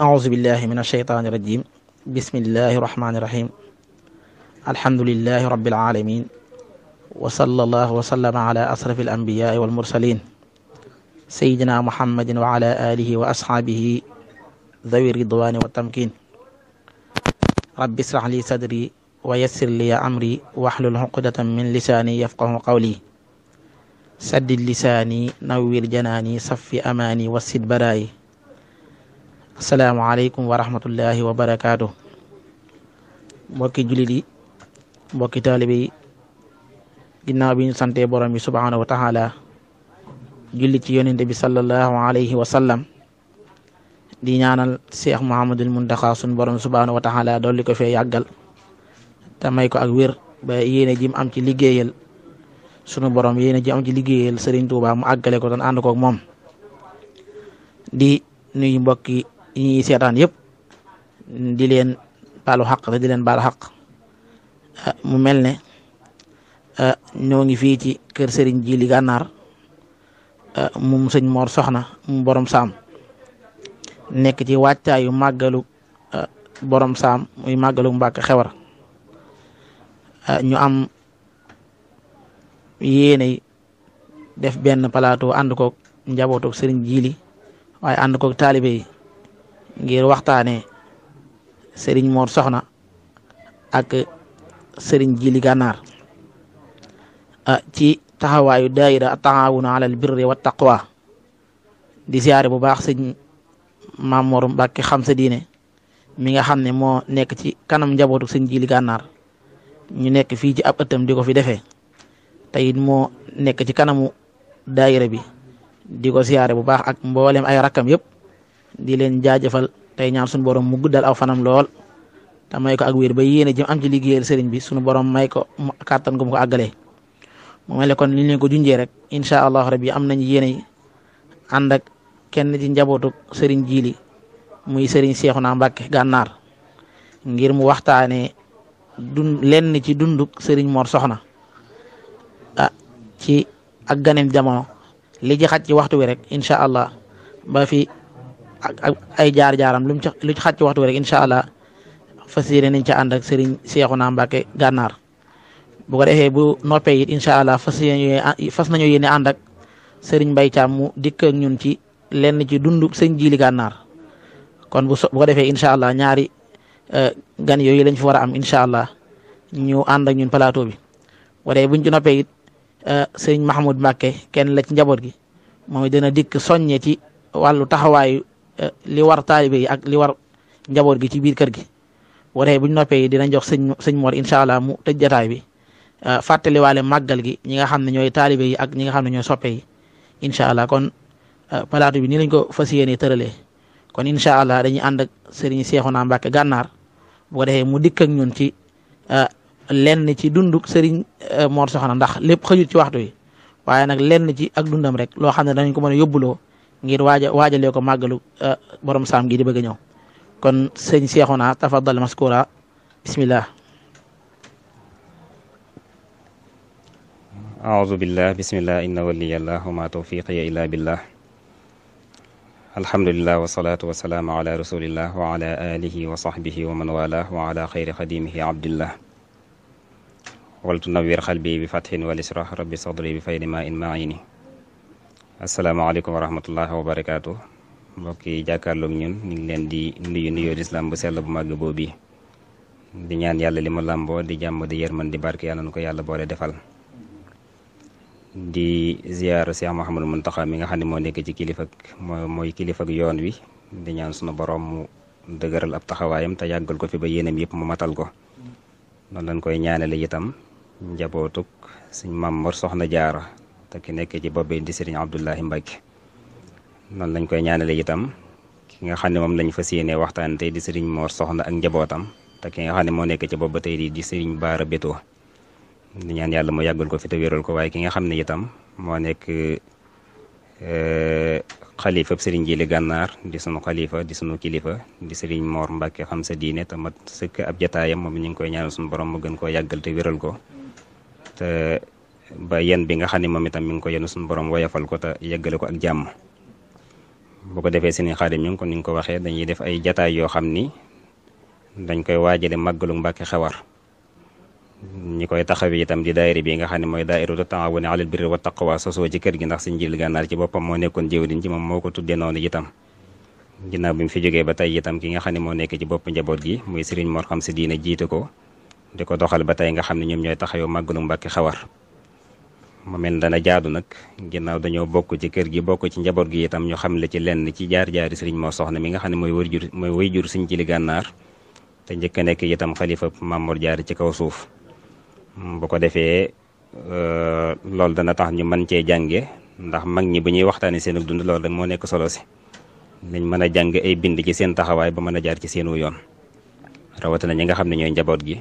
أعوذ بالله من الشيطان الرجيم بسم الله الرحمن الرحيم الحمد لله رب العالمين وصلى الله وسلم على أشرف الأنبياء والمرسلين سيدنا محمد وعلى آله وأصحابه ذوي الرضوان والتمكين رب اشرح لي صدري ويسر لي أمري واحلل عقدة من لساني يفقه قولي سدد لساني نوّر جناني صف أماني وسد برائي asalaamaaleykum wa rahmatullahi wa barakaatu mbokki jullit yi mbokki taalibe yi ginnaaw bi ñu sante borom bi subhaanahu wa taala julli ci yonente bi sallallahu alayhi wa sallam di ñaanal cheikh muhammadul muntaxa sun borom subhaanahu wa taala dolli ko fee yàggal te may ko ak wér ba yéene ji am ci liggéeyal sunu borom yéene ji am ci liggéeyal Serigne Touba mu àggale ko doon ànd koog moom di nuyu mbokki ñuy seetaan yépp di leen baalu xaq te di leen baal ah, mu mel ne ah, ñoo ngi fii ci kër Serigne Djily Gànnaar ah, moom sëñ Mor Soxna mu borom saam nekk ci wàccaayu màggalu borom saam muy màggalu Mbàkke xewar ñu am yéene def benn plateau ànd koog njabootu Serigne jiili waaye ànd koog taalibe ngir waxtaane sëriñ Mor Soxna ak sëriñ Jili Gànnaar ah, ci taxawaayu daayira taawuna alal birri wa taqwa di siyaare bu baax sëñ Maam Mor Mbàkke xam sa mi nga xam ne moo nekk ci kanam njabootu sëñ Jili Gànnaar ñu nekk fii ci ab ëttam di ko fi defee teyit moo nekk ci kanamu daayira bi di siyaare bu baax ak mboolem ay rakkam di leen jaajëfal tey ñaan suñu borom mu dal aw fanam lool te may ko ak wér ba yéene jëm am ci liggéeyal sëriñ bi suñu borom may ko kàttan gu mu ko àggalee mu mel ne li ñu leen ko junjee rek incha allah rabbi am nañ yéene ànd ak kenn ci njabootu sëriñ jiili muy sëriñ Seexuna Mbàkke gànnaar ngir mu waxtaanee dun lenn ci dunduk sëriñ Mor Soxna ah ci ak ganem jamono li ci xaj waxtu wi rek incha allah ba fi. ak ay jaar-jaaram lu mu ci lu ci xaj ci waxtu bi rek incha allah gànnaar bu ko defee bu noppee incha allah fas yéene fas nañoo yéene ànd ak Serigne mu dikk ñun ci lenn ci dundu sëñ jiili gànnaar kon bu bu ko defee incha allah ñaari euh, gan yooyu lañ fi war a am incha allah ñu ànd ak ñun plateau bi bu dee buñ ci noppee it euh, Serigne Mahmoud kenn la ci njaboot gi moom dina dikk soññe ci wàllu taxawaayu. li war taalibe yi ak li war njaboot gi ci biir kër gi bu defee bu ñu noppee dinañ jox sëñ sëñ Mor incha allah mu tëj jataay bi ah, fàttaliwaale màggal gi ñi nga xam ne ñooy taalibe yi ak ñi nga xam ne ñooy soppe yi incha allah kon ah, palaatu bi nii lañ ko fas yéenee tëralee kon incha allah dañuy ànd ak sëriñ Seexuna Mbàkke gànnaar bu ko defee mu dikk ak ñun ci ah, lenn ci dunduk sëriñ Mor Soxna ndax lépp xëjut ci waxtu wi waaye nag lenn ci ak dundam rek loo xam ne ko mën yóbbuloo ngir waaja waajalee ko màggalu eh, borom saam gi di bëgg a ñëw kon sëñ Seexuna tafaddal maskura bismillah aoudu billah bismillah inna waliyallah ma tawfiqiya illa billah alhamdulillah wasalaatu wasalaamu ala rasulillah wa ala alihi wa sahbihi wa man walah wa ala xayri xadimihi abdillah waltu ma in asalaamaaleykum wa rahmatullahi wa barakaatu mbokk yi jàkkaarloog ñun ñu ngi leen di nuyu nuyoo lislaam bu sell bu màgg boobu di ñaan yàlla li ma làmboo di jàmm di yërman di barke yaa nu ko yàlla boole defal. di ziyaar Cheikh Mouhamadou Mountakha mi nga xam ne moo nekk ci kilifa moo mooy kilifag yoon wi di ñaan sunu boroom mu dëgëral ab taxawaayam te yàggal ko fi ba yéenam yëpp mu matal ko noonu lañ koy ñaanale itam njabootuk suñ Maam Mor soxna jaara te ki nekkee ci bopp bi di sëriñ Abdoulahi Mbacke noonu lañ koy ñaanale itam ki nga xam ne moom lañ fas yéenee waxtaan te di sëriñ Mor Soxna ak njabootam te ki nga xam ne moo nekk ci bopp ba tey di sëriñ Baara Beto di ñaan yàlla mu yàggal ko fi wéral ko waaye ki nga xam ne itam moo nekk eh, xalifa sëriñ Jili Gànnaar di sunu xalifa di sunu kilifa di sëriñ Mor Mbacke xam sa diine te mat sëkk ab jataayam moom ñu ngi koy ñaanal suñu borom mu gën koo yàggal te wéral ko te ba yen bi nga xam ne moom itam mi ngi ko yenu suñu borom woyafal ko te yeggale ko ak jàmm boo ko defee sëriñ Xaadim ñu kon ni nga ko waxee dañuy def ay jataay yoo xam ni dañ koy waajale màggalu Mbàkke Xewar ñi koy taxawee itam di daayira bi nga xam ne mooy daayiratu taawuni alal birri wa taqwa sosoo ci kër gi ndax sëriñ Jibril Gànnaar ci boppam moo nekkoon jëwriñ ci moo ko tuddee noonu itam ginnaaw bi mu fi jógee ba tey itam ki nga xam ne moo nekk ci bopp njaboot gi muy sëriñ Mor Xam si diine jiite ko di ko doxal ba tey nga xam ne ñoom ñooy taxawee màggalu Mbàkke Xewar mu mel dana jaadu nag ginnaaw dañoo bokk ci kër gi bokk ci njaboot gi itam ñu xam le ci lenn ci jaar-jaari sëriñ moo soxna mi nga xam ne mooy wër jur mooy wëy jur sëriñ ci li gànnaar te njëkk a nekk itam xalifa Mamoor jaar ci kaw suuf bu ko defee euh, loolu dana tax ñu mën cee jànge ndax mag ñi bu ñuy waxtaane seen dund loolu rek moo nekk solo si nañ mën a jàng ay bind ci seen taxawaay ba mën a jaar ci seenu yoon rawatina ñi nga xam ne ñooy njaboot gi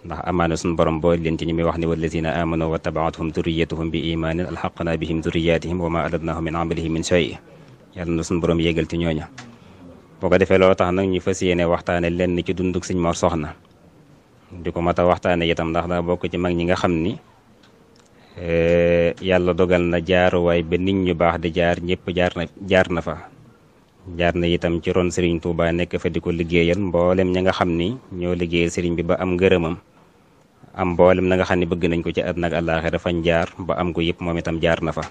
ndax amaana suñu borom boo leen ci ñi muy wax ni ne wallazina amanu wa tabaatuhum duriyatuhum bi imaanin alxaqna bihim duriyatihim wa ma aladnahum min amalihim min shay yàlla na suñu borom yéegal ci ñooña boo ko defee loolu tax nag ñu fas yéene waxtaane lenn ci dunduk sëñ Mor Soxna di ko mat a waxtaane itam ndax daa bokk ci mag ñi nga xam ni eh, yàlla dogal na jaaruwaay ba nit ñu baax de jaar ñëpp jaar na jaar na fa jaar na itam ci ron Serigne Touba nekk fa di ko liggéeyal mboolem ña nga xam ni ñoo liggéey Serigne bi ba am ngërëmam am mboolem na nga xam ni bëgg nañ ko ci àdduna ak àllaaxira fañ jaar ba am ko yëpp moom itam jaar na fa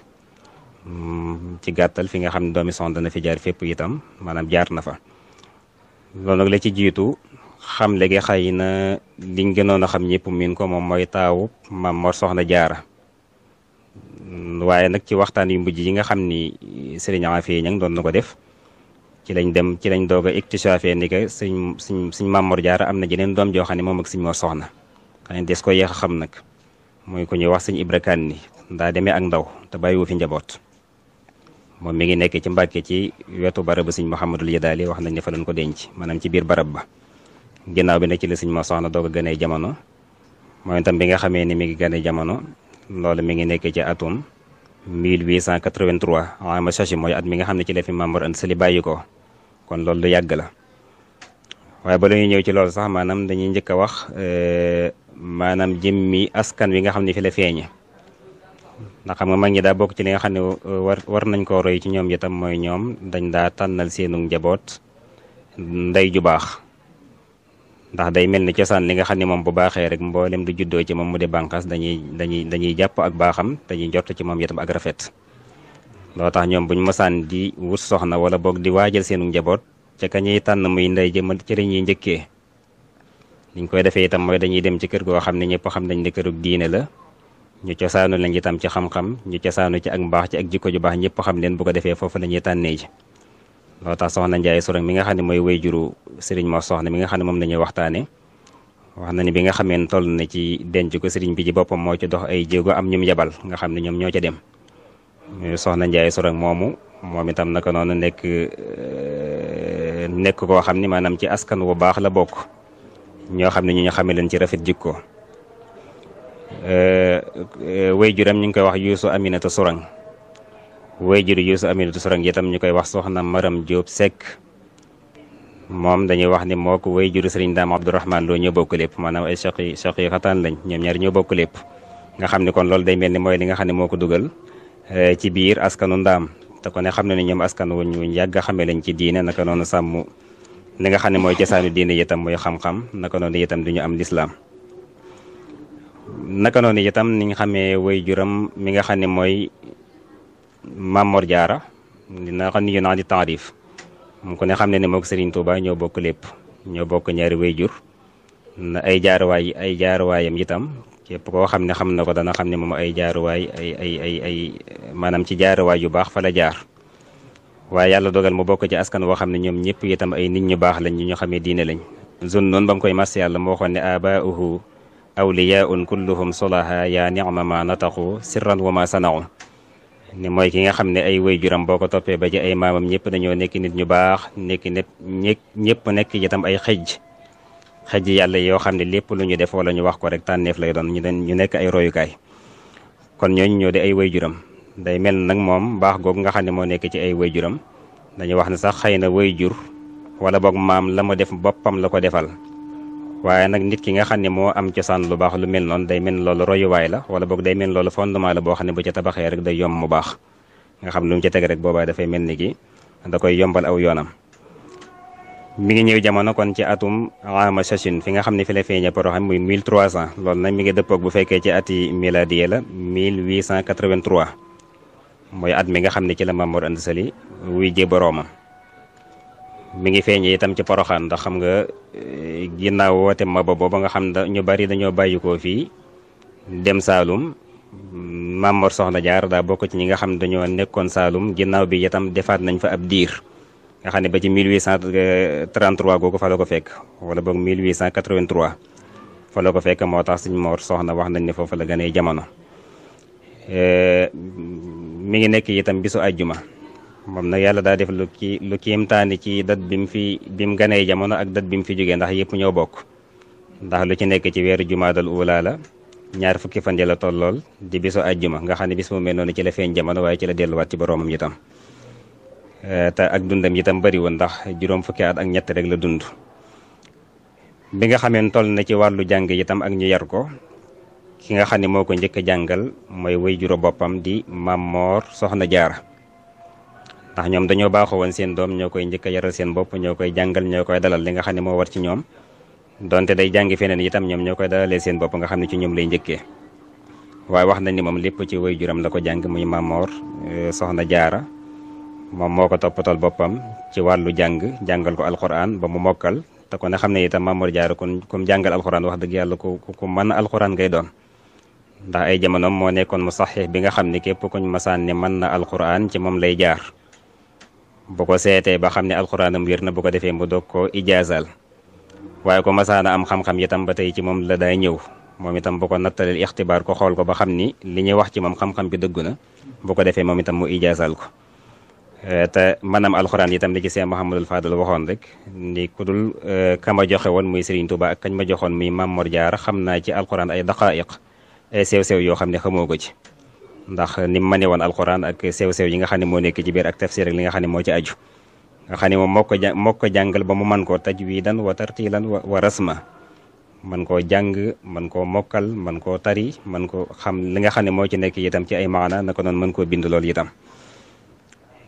mm, ci gàttal fi nga xam ne doomi soxna dana fi jaar fépp itam maanaam jaar na fa loolu nag la ci jiitu xam léegi xëy na liñ gënoon a xam ñëpp miin ko moom mooy taawu maam Mor Soxna Jaara mm, waaye nag ci waxtaan yu mujj yi nga xam ni sëriñ Afee ña ngi doon na ko def ci lañ dem ci lañ doog a ectichafee ni que suñ suñ suñ maam Mor na jeneen doom joo xam ne moom ak suñ Mor Soxna xëy na des ko yéex a xam nag mooy ko ñuy wax sëñ Ibra Kan ni ndaa demee ak ndaw te bàyyiwu fi njaboot moom mi ngi nekk ci Mbàkke ci wetu barabu sëñ Mouhamadul Yadaali wax nañ ne fa lañ ko denc maanaam ci biir barab ba ginnaaw bi nag ci la sëñ ma soxna doog a gënee jamono mooy itam bi nga xamee ni mi ngi gënee jamono loolu mi ngi nekk ci atum 1883 ama sachi mooy at mi nga xam ne ci la fi Maam Mor Anta Sali bàyyi ko kon loolu lu yàgg la waaye ba la ñëw ci loolu sax maanaam dañuy njëkk a wax euh, maanaam jëmmi askan wi nga xam ne fi la feeñe ndax xam nga mag ñi daa bokk ci li nga xam ne euh, war war nañ koo ci ñoom itam mooy ñoom dañ daa tànnal seenu njaboot ndey ju baax ndax day mel ni cosaan li nga xam ne moom bu baaxee rek mboolem du juddoo ci moom mu di bànqaas dañuy dañuy dañuy jàpp ak baaxam dañuy jot ci moom itam ak rafet loo tax ñoom buñ mosaan di wut soxna wala boog di waajal seenu njaboot ca ka ñuy tànn muy ndey jëma cere la ñuy njëkkee niñ koy defee itam mooy dañuy dem ci kër goo xam ne ñëpp xam nañ ne kërug diine la ñu cosaanu lañ itam ci xam-xam ñu cosaanu ci ak mbaax ci ak jikko ju baax ñëpp xam leen bu ko defee foofu la ñuy tànnee ji loo tax soxna Njaay Sourang mi nga xam ne mooy wayjuru sëriñ Mor Soxna mi nga xam ne moom la ñuy waxtaane wax na ne bi nga xamee toll na ci denc ko sëriñ bi ci boppam moo ci dox ay jéego am ñum yebal nga xam ne ñoom ñoo ca dem ñu soxna Ndiaye Sourang moomu moom itam naka noonu nekk nekk koo xam ni maanaam ci askan wu baax la bokk ñoo xam ne ñu ñu xame ci rafet jikko way juram ñu ngi koy wax Yuusu Aminata Sourang way juru Yuusu Aminata Sourang itam ñu koy wax soxna Maram Diop sekk moom dañuy wax ni moo ko way juru Sëriñ Daam Abdourahman loo ñoo bokk lépp maanaam ay chaq yi chaq yi xataan lañ ñoom ñaar ñoo bokk lépp nga xam ne kon loolu day mel ni mooy li nga xam ne moo ko dugal Eh, ci biir askanu ndaam te ko ne xam na ne ñoom askan wuñ wuñ yàgg a xamee lañ ci diine naka noonu sàmm li nga xam ne mooy cosaanu diine itam mooy xam-xam naka noonu itam du ñu am lislaam naka noonu itam ni nga xamee way juram mi nga xam ne mooy Mamor Jaara dina xam ni yu naan di taarif mu ko ne xam ne ne moog Serigne Touba ñoo bokk lépp ñoo bokk ñaari way jur na ay jaaruwaay ay jaaruwaayam yitam képp koo xam ne xam na ko dana xam ne moom ay jaaruwaay ay ay ay ay maanaam ci jaaruwaay yu baax fala la jaar waaye yàlla dogal mu bokk ci askan woo xam ne ñoom ñëpp itam ay nit ñu baax lañ ñu ñu xamee diine lañ zun noonu ba mu koy mas yàlla moo waxoon ne abaauhu awliyaun kulluhum solaha yaa nicma ma nataqu sirran wa ma sanau ne mooy ki nga xam ne ay waajuram boo ko toppee ba ci ay maamam ñëpp nekk nit ñu baax nekk nit ñëpp nekk itam ay xëj xëji yàlla yoo xam ne lépp lu ñu def wala ñu wax ko rek tànneef lay doon ñu ñu nekk ay royukaay kon ñooñu ñoo de ay juram day mel na nag moom baax googu nga xam ne moo nekk ci ay wayjuram dañuy wax ne sax xëy na wayjur wala boog maam la mu def boppam la ko defal waaye nag nit ki nga xam ne moo am cosaan lu baax lu mel noonu day mel loolu royuwaay la wala boog day mel loolu fondement la boo xam ne bu ca tabaxee rek day yomb mu baax nga xam lu mu ca teg rek boobaa dafay mel ni ki da koy yombal aw yoonam mi ngi ñëw jamono kon ci atum ama sachin fi nga xam ne fi la feeñee Porokhane muy 1300 loolu nag mi ngi dëppoog bu fekkee ci ati miladiye la mille 1883 mooy at mi nga xam ne ci la Maam Mor Anta Sali wuy ji boroomam mi ngi feeñee itam ci poroxaan ndax xam nga eh, ginnaaw woote Maba booba nga xam ne ñu bari dañoo bàyyi ko fii dem Saalum Maam Soxna Jaar daa bokk ci ñi nga xam ne dañoo nekkoon Saalum ginnaaw bi itam defaat nañ fa ab diir nga xam ne ba ci 1833 googu fa la ko fekk wala boog 1883 fa la ko fekk moo tax suñ Mor Soxna wax nañ ne foofu la ganee jamono e, mi ngi nekk itam bisu àjjuma moom nag yàlla daa def lu ki lu ci dat bi mu fi bi mu ganee jamono ak dat bi mu fi jógee ndax yëpp ñoo bokk ndax lu ci nekk ci weeru jumaadal uulaa la ñaar fukki fan ya la tollool di bisu àjjuma nga xam ne bis mu mel noonu ci la feeñ jamono waaye ci la delluwaat ci boroomam itam Eh, te ak dundam itam bari ndax juróom fukki at ak ñett rek la dund bi nga xamee toll na ci wàllu jàng itam ak ñu yar ko ki nga xam ne moo ko njëkk a jàngal mooy way juró boppam di Maam Moor Soxna Jaara ndax ñoom dañoo baaxoo woon seen doom ñoo koy njëkk a seen bopp ñoo koy jàngal koy dalal li nga xam ne moo war ci ñoom donte day jàngi feneen itam ñoom ñoo koy dalalee seen bopp nga xam ne ci ñoom lay njëkkee waaye wax nañ ni moom lépp ci way juram la ko jàng muy Maam eh, Soxna Jaara moom moo ko toppatal boppam ci wàllu jàng jàngal ko alxuraan ba mu mokkal te kon ne xam ne itam Mame Mor Diarra kon comme jàngal alxuraan wax dëgg yàlla ko ku mën alxuraan ngay doon ndax ay jamonoom moo nekkoon mu saxix bi nga xam ne képp kuñ masaan ne man na alxuraan ci moom lay jaar bu ko seetee ba xam ne alxuraanam wér na bu ko defee mu dog koo ijaasal waaye ko masaan a am xam-xam itam ba tey ci moom la daa ñëw moom itam bu ko nattaleel ixtibaar ko xool ko ba xam ni li ñuy wax ci moom xam-xam bi dëgg na bu ko defee moom itam mu ijaasal ko Eh, te maanaam alxuraan itam li ci seen Mouhamadul Fadal waxoon rek ni ku dul eh, ka ma joxe woon muy Serigne Touba ak kañ ma joxoon muy Mame Mor Diarra xam naa ci alxuraan ay daqaayiq ay sew-sew yoo xam ne xamoo ko ci ndax ni mu mënee woon alxuraan ak sew-sew yi nga xam ne moo nekk ci biir ak tafsir ak li nga xam ne moo ci aju nga xam ne moom moo ko moo ko jàngal ba mu mën koo tajwiidan wa tartiilan wa rasma man koo jàng man koo mokkal man koo tari man koo xam li nga xam ne moo ci nekk itam ci ay na naka noonu mën koo bind loolu itam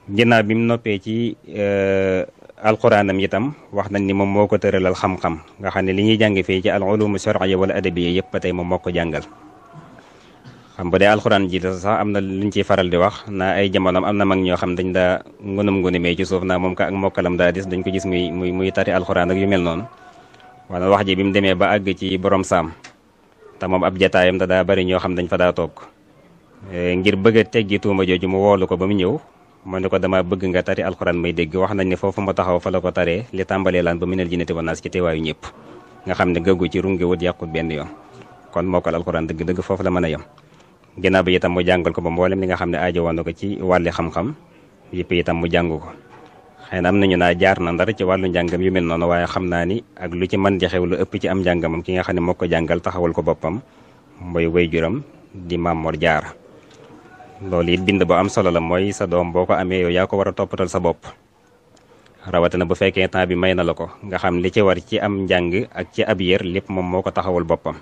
ginnaaw bi mu noppee ci euh, alxuraanam itam wax nañ ni moom moo ko tëralal xam-xam nga xam ne li ñuy jàng fii ci al ulumu shar'iyya wala adabiyya yëpp ba tey moom moo ko jàngal. xam bu dee alxuraan ji sax am na luñ ciy faral di wax naa ay jamonoom am na mag ñoo xam dañ daa ngunum ngunumee ci suuf naa moom ka ak mokkalam daa dis dañ ko gis muy muy muy tari alxuraan ak yu mel noonu. wala wax ji bi mu demee ba àgg ci borom saam te moom ab jataayam da daa bari ñoo xam dañ fa daa toog eh, ngir bëgg a teggi tuuma jooju mu woolu ko ba mu ñëw. ma ne ko damaa bëgg nga tari alxuraan may dégg wax na ne foofu ma taxaw fa la ko taree li tàmbalee laan ba minal jinnati wan naas ci teewaayu ñëpp nga xam ne gëggu ci runge wut yàqut benn yoon kon mokkal alxuraan dëgg-dëgg foofu la mën a yem ginnaaw bi itam mu jàngal ko ba mboolem li nga xam ne aajo woon ko ci wàlli xam-xam yëpp itam mu jàng ko xëy na am nañu naa jaar na ndar ci wàllu njàngam yu mel noonu waaye xam naa ni ak lu ci mën di xew lu ëpp ci am njàngamam ki nga xam ne moo ko jàngal taxawal ko boppam mooy wayjuram di Mame Mor Diarra loolu it bind bu am solo la mooy sa doom boo ko amee yow yaa ko war a toppatal sa bopp rawatina bu fekkee temps bi may na la ko nga xam li ci war ci am njàng ak ci ab yër lépp moom moo ko taxawul boppam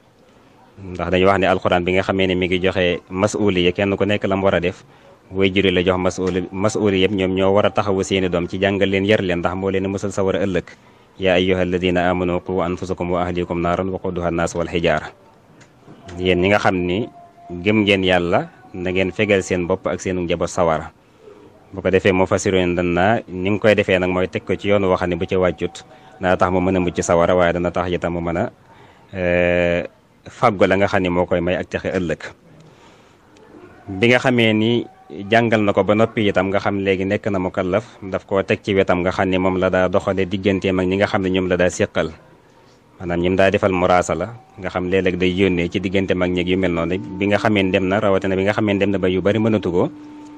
ndax dañu wax ne alxuraan bi nga xamee ne mi ngi joxe masuuliya kenn ku nekk la mu war a def way juri la jox masuuli masuuli yëpp ñoom ñoo war a taxawu seeni doom ci jàngal leen yar leen ndax moo leen musal sa war a ëllëg yaa ayyuha alladina amanu qu anfusakum a ahlikum naaran waquduha annaas wal xijaara yéen ñi nga xam ni gëm ngeen yàlla na ngeen fegal seen bopp ak seenu njaboot sawara bu ko defee moo fasiroon dan naa ni nga koy defee nag mooy teg ko ci yoonu waxam ne bu ci wàccut dana tax mu mën a mucc sawara waaye dana tax itam mu mën a eh, fàggu la nga xam ni moo koy may ak texe ëllëg bi nga xamee ni jàngal na ko ba noppi itam nga xam léegi nekk na mukallaf daf koo teg ci wetam nga xam ne moom la daa doxale digganteem ak ñi nga xam ne ñoom la daa séqal maanaam ñim daa defal la nga xam léeg-léeg day yónnee ci diggante mag ñeeg yu mel noonu bi nga xameen dem na rawatina bi nga xameen dem na ba yu bari mënatu ko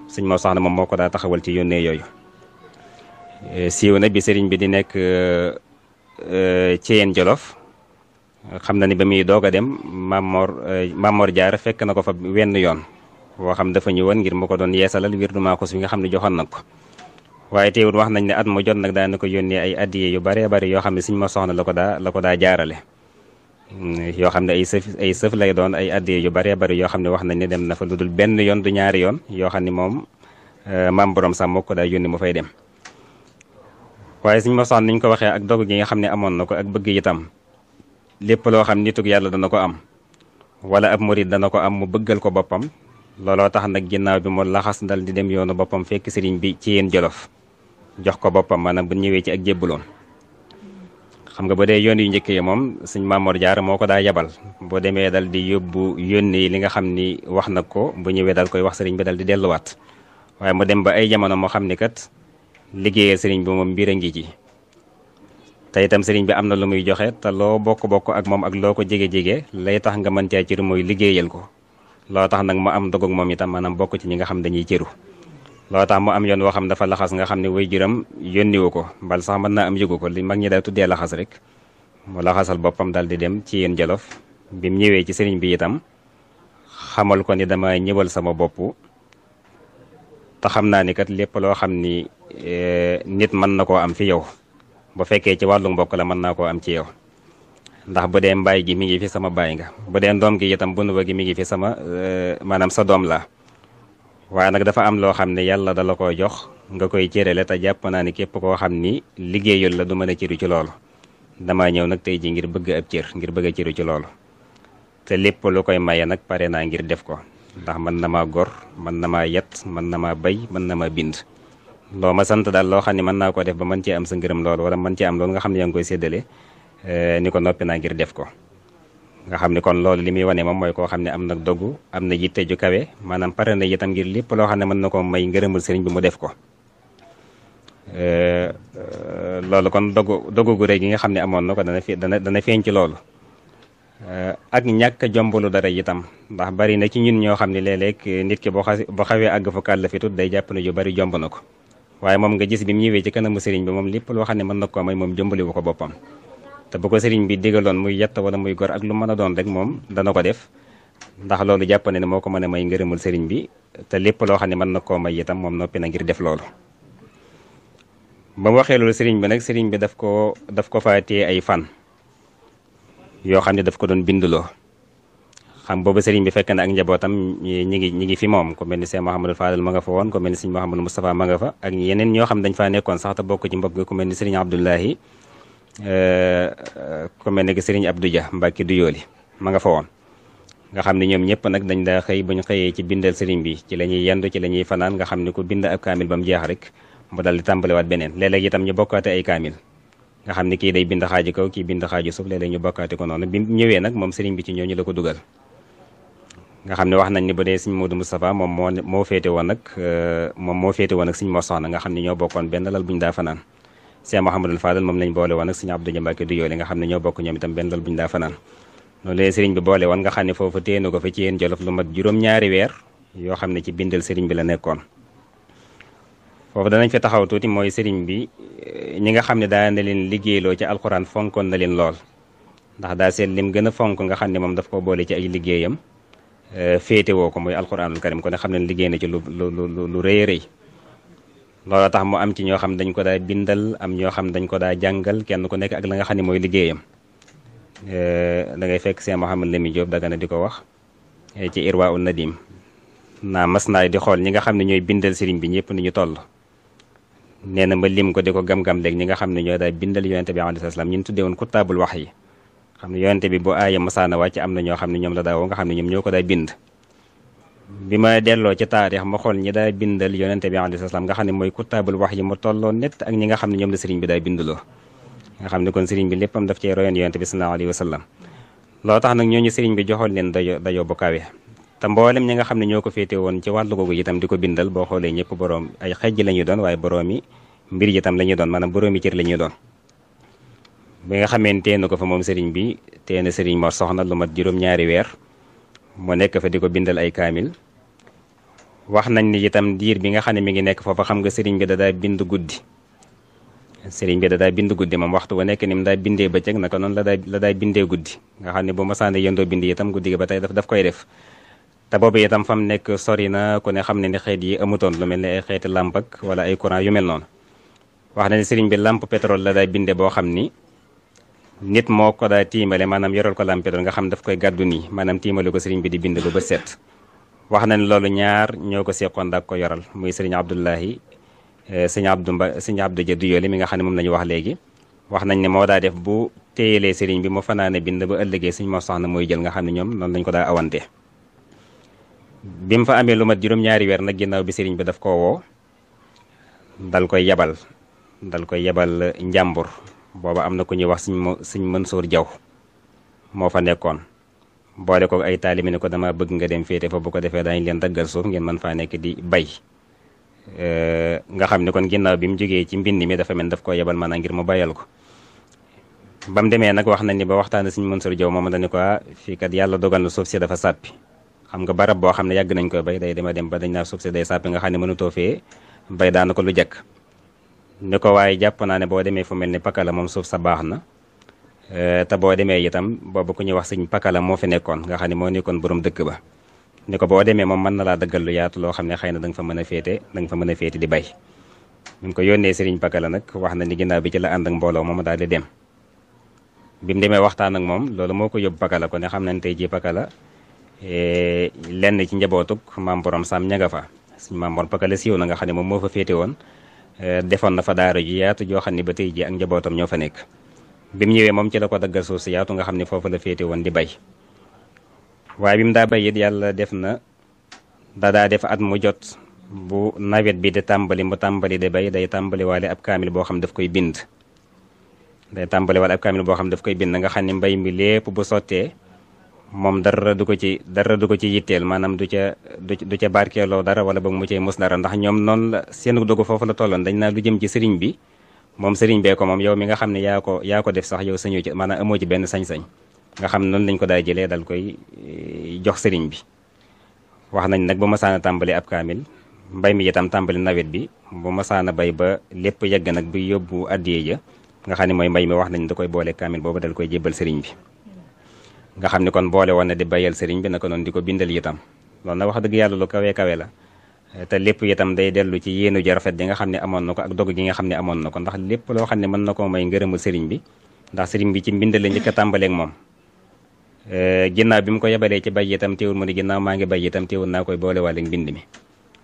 sëñ Mor Soxna moom moo ko daa taxawal ci yónnee yooyu eh, siiw na bi sëriñ bi di nekk Ceyeen eh, Jolof xam na ni ba muy doog a dem Mamor eh, Mamor Diarra fekk na ko fa wenn yoon boo xam dafa ñëwoon ngir moo ko doon yeesalal wirdu Maaxus bi nga xam ne joxoon na ko waaye teewul wax nañ ne at mu jot nag daan na ko yónnee ay addiye yu baree bari yoo xam ne suñ ma soxna la ko daa daa jaarale mm, yoo xam ne ay sëf ay sëf lay doon ay addiye yu baree bari yoo xam ne wax nañ ne dem na fa lu dul benn yoon du ñaari yoon yoo xam ne moom euh, maam borom sax moo ko daa yónni mu fay dem waaye suñ ma soxna niñ ko waxee ak dogu gi nga xam ne amoon na ko ak bëgg itam lépp loo xam nitug yàlla dana ko am wala ab murid dana ko am mu bëggal ko boppam looloo tax nag ginnaaw bi mu laxas dal di dem yoonu boppam fekk sëriñ bi ci yéen jolof jox ko boppam maanaam bu ñëwee ci ak jébbaloon xam nga bu dee yoon yu njëkk yi moom suñ Maamoor jaar moo ko daa yabal boo demee dal di yóbbu yónni li nga xam ni wax na ko bu ñëwee dal koy wax sëriñ bi dal di delluwaat waaye mu dem ba ay jamono moo xam ni kat liggéeyee sëriñ bi moom mbir a ngi ci te itam sëriñ bi am na lu muy joxe te loo bokk-bokk ak moom ak loo ko jege-jege lay tax nga mën cee cëru mooy liggéeyal ko loo tax nag mu am dogog moom itam maanaam bokk ci ñi nga xam dañuy cëru loo tax mu am yoon woo xam dafa laxas nga xam ne way juram yónniwu ko mbal sax mën naa am yëgu ko li mag ñi daa tuddee laxas rek mu laxasal boppam daal di dem ci yéen jolof bi mu ñëwee ci sëriñ bi itam xamal ko ni dama ñëwal sama bopp te xam naa ni kat lépp loo xam ni e, nit mën na koo am fi yow bu fekkee ci wàllu mbokk la mën naa koo am ci yow ndax bu dee mbaay gi mi ngi fi sama baay nga bu dee ndoom gi itam bu nuwa gi mi ngi fi sama e, maanaam sa doom la waaye nag dafa am loo xam ne yàlla dala ko jox nga koy cërale te jàpp naa ne képp koo xam ni liggéeyul la du mën a ci loolu damaa ñëw nag tey ji ngir bëgg ab cër ngir bëgg a cëru ci loolu te lépp lu koy maye nag pare naa ngir def ko ndax mën na maa gor mën na maa yat mën na maa bay mën na maa bind loo ma sant daal loo xam ne mën naa ko def ba mën cee am sa ngërëm loolu wala mën cee am loolu nga xam ne yaa ngi koy séddale eh, ni ko noppi naa ngir def ko nga xam ne kon loolu li muy wane moom mooy koo xam ne am nag dogu am na yitte ju kawe maanaam pare na itam ngir lépp loo xam ne mën na koo may ngërëmul sëriñ bi mu def ko euh, euh, loolu kon dogu dogu gu rëy nga xam ne amoon na ko dana fi dana feeñ ci loolu euh, ak ñàkk jombalu dara itam ndax bari na ci ñun ñoo xam ne léeg-léeg nit ki boo xa boo xawee àgg fu kàll fi tut day jàpp na yu bari jomb na ko waaye moom nga gis bi mu ñëwee ci kanamu sëriñ bi moom lépp loo xam ne mën na koo may moom jombaliwu ko boppam te bu ko sëriñ bi digaloon muy yett wala muy gor ak lu mën a doon rek moom dana ko def ndax loolu jàpp ne ne moo ko mën a may ngërëmul sëriñ bi te lépp loo xam ne mën na koo may itam moom noppi na ngir def loolu ba waxee loolu sëriñ bi nag sëriñ bi daf ko daf ko faatee ay fan yoo xam ne daf ko doon binduloo xam boobu sëriñ bi fekk na ak njabootam ñi ngi ñi ngi fi moom ku mel ni sëñ Mouhamadou Fadal ma nga fa woon ku mel ni sëñ Mouhamadou Moustapha ma nga bokk ci mbokk gi ku mel ni Eh, eh, ku mel ne que Serigne Abdou Dia Mbacke du yooli ma nga fa woon nga xam ne ñoom ñëpp nag dañ daa xëy buñ xëyee ci bindal sëriñ bi ci la ñuy yendu ci la ñuy fanaan nga xam ne ko bind ab kaamil ba mu jeex rek mu dal di tàmbaliwaat beneen léeg-léeg itam ñu bokkaate ay kaamil nga xam ne kii day bind xaaju kaw kii bind xaaju suuf léeg-léeg ñu bokkaate ko noonu bi ñëwee nag moom Serigne bi ci ñu la ko dugal nga xam ne wax nañ ni ba dee Serigne Modou Moustapha moom moo moo féete woon nag eh, moo féete woon ak Serigne Mor Soxna nga xam ne ñoo bokkoon benn lal buñ daa fanaan Cheikh Mouhamadul Fadal moom lañ boole woon ak sëñ Abdou Mbacke du yoole nga xam ne ñoo bokk ñoom itam benn loolu bu daa fanaan noonu lee sëriñ bi boole woon nga xam ne foofu téenu ko fa ci yéen jolof lu mat juróom-ñaari weer yoo xam ne ci bindal sëriñ bi la nekkoon foofu danañ fe taxaw tuuti mooy sëriñ bi ñi nga xam ne daa na leen liggéeyloo ci alxuraan fonkoon na leen lool ndax daa seet lim gën a fonk nga xam ne moom daf ko boole ci ay liggéeyam eh, féete woo ko mooy alxuraanul karim kon ne xam ne liggéey na ci lu lu lu rëy rëy looloo tax mu am ci ñoo xam dañ ko daa bindal am ñoo xam dañ ko daa jàngal kenn ku nekk ak la nga xam ne mooy liggéeyam eh, da ngay fekk Cheikh Mouhamed Lamine Diop Dagana di ko wax eh, ci Irwa ul Nadim naa mas naay di xool ñi nga xam ne ñooy bindal sëriñ bi ñëpp ni ñu toll nee na ma lim ko di ko gam-gam léegi ñi nga xam ne ñoo daay bindal yonente bi alayhi salaam ñun tuddee woon kutaabul wax yi xam ne yonente bi bu aaya masaana wàcc am na ñoo xam ne ñoom la daa woo nga xam ne ñoom ñoo ko daay bind bi ma delloo ci taarix ma xool ñi daa bindal yonente bi alayhi salaam nga xam ne mooy kutaabul wax yi mu tolloo nett ak ñi nga xam ne ñoom la sëriñ bi daay bindaloo nga xam ne kon sëriñ bi léppam daf cee royoon yonente bi sallallahu alayhi wa sallam loo tax nag ñooñu sëriñ bi joxoon leen dayo dayoo bu kawe te mboolem ñi nga xam ne ñoo ko féete woon ci wàllu googu itam di ko bindal boo xoolee ñëpp boroom ay xejj la ñuy doon waaye boroomi mbir yi tam la ñuy doon maanaam boroomi cër la ñuy doon bi nga xameen tee na ko fa moom sëriñ bi tee na sëriñ Mor soxna lu mat juróom-ñaari weer mu nekk fa di ko bindal ay kaamil wax nañ ni itam diir bi nga xam ne mi ngi nekk foofa xam nga sëriñ bi da daa bind guddi sëriñ bi da daa bind guddi moom waxtu wu nekk ni mu daay bindee bëccëg naka noonu la daa la daa bindee guddi nga xam ne bu masaane yëndoo bind itam guddi gi ba tey daf daf koy def te boobu itam fa mu nekk sori na ku ne xam ne ni xeet yi amutoon lu mel ne ay xeeti làmp ak wala ay courant yu mel noonu wax nañ sëriñ bi làmp pétrole la daa binde boo xam ni nit moo ko daa tiimale maanaam yoral ko lampe doon nga xam ne daf koy gàddu nii maanaam tiimale ko sëriñ bi di bind ba ba set wax nañ loolu ñaar ñoo ko seqoon dak ko yoral muy sëriñ Abdullahi eh, sëñ Abdou Mba sëñ Abdou Dia Duyoole mi nga xam ne moom la ñu wax léegi wax nañ ne moo daa def bu téyelee sëriñ bi mu fanaane bind ba ëllëgee suñ moo soxna mooy jël nga xam ne ñoom noonu lañ ko daa awante bi mu fa amee lu mat juróom-ñaari weer nag ginnaaw bi sëriñ bi daf ko woo dal ko yebal dal koy yebal njàmbur booba am na ku ñuy wax suñ suñ Mansour Jaw moo fa nekkoon boole ko ay taalibe ne ko dama bëgg nga dem féete fa bu ko defee daañu daggal suuf ngeen mën faa nekk di bay nga xam ne kon ginnaaw bi mu jógee ci mbind mi dafa mel daf koo yebal maanaam ngir mu bayal ko ba mu demee nag wax nañ ni ba waxtaane suñ Mansour Jaw moom dañu ko ah, kat yàlla dogal na suuf si dafa sàppi xam nga barab boo xam ne yàgg nañ koy bay day dema dem ba dañ naa suuf si day sàppi nga xam ne mënutoo fee bay daana ko lu jekk ni ko waaye jàpp naa ne boo demee fu mel ni pakala moom suuf sa baax na eh, te boo demee itam boobu ku ñu wax sëñ pakala moo fi nekkoon nga xam ne moo nekkoon borom dëkk ba ni ko boo demee moom mën na laa dëggal lu yaatu loo xam ne xëy na da fa mën a féete da nga a féete di bay bi mu ko yónnee sëriñ pakala nag wax na ni ginnaaw bi ci la ànd mbooloo moom daal di dem mu demee waxtaan ak moom loolu moo ko yóbbu pakala ko ne xam nañ tey ji pakala eh, lenn ci njabootuk maam borom sam fa suñ maam borom pakala siiw na nga xam ne moom moo fa féete woon Eh, defoon na fa daara ju yaatu joo xam ni ba tey ji ak njabootam ñoo fa nekk bi ñëwee moom ci la ko daggal suuf si yaatu nga xam ne foofu la féete woon di bay waaye bi daa bay yàlla def na dadaa def at mu jot bu nawet bi di tàmbali mu tàmbali di bay day tàmbaliwaale waale ab kaamil boo xam daf koy bind day tàmbali waale ab kaamil boo xam daf koy bind nga xam ne mbay mi lépp bu sottee moom dara du ko ci dara du ko ci yitteel maanaam du ca du ca barkeeloo dara wala boog mu cay mos dara ndax ñoom noonu la seenu dugg foofu la tolloon dañ naa lu jëm ci sëriñ bi moom sëriñ bee ko moom yow mi nga xam ne yaa ko yaa ko def sax yow sañoo ci maanaam amoo ci benn sañ-sañ nga xam ne lañ ko daay jëlee dal koy eh, jox sëriñ bi wax nañ nag bu masaana tàmbali ab kaamil mbay mi itam tàmbali nawet bi bu masaana bay ba lépp yegg nag bu yóbbu addiyee ja nga xam ne mooy mbay mi wax nañ da koy boole kaamil boobu dal koy jébbal sëriñ bi nga xam ne kon boole woon na di bayal sëriñ bi naka noonu di ko bindal itam loolu nag wax dëgg yàlla lu kawe kawe la te lépp itam day dellu ci yéenu ji rafet ji nga xam ne amoon na ko ak dog ji nga xam ne amoon na ko ndax lépp loo xam ne mën na koo may ngërëmu sëriñ bi ndax sëriñ bi ci mbind la njëkk a tàmbaleeg moom ginnaaw bi mu ko yebalee ci bay itam teewul mu ne ginnaaw maa ngi bay itam teewul naa koy boolewaale mbind mi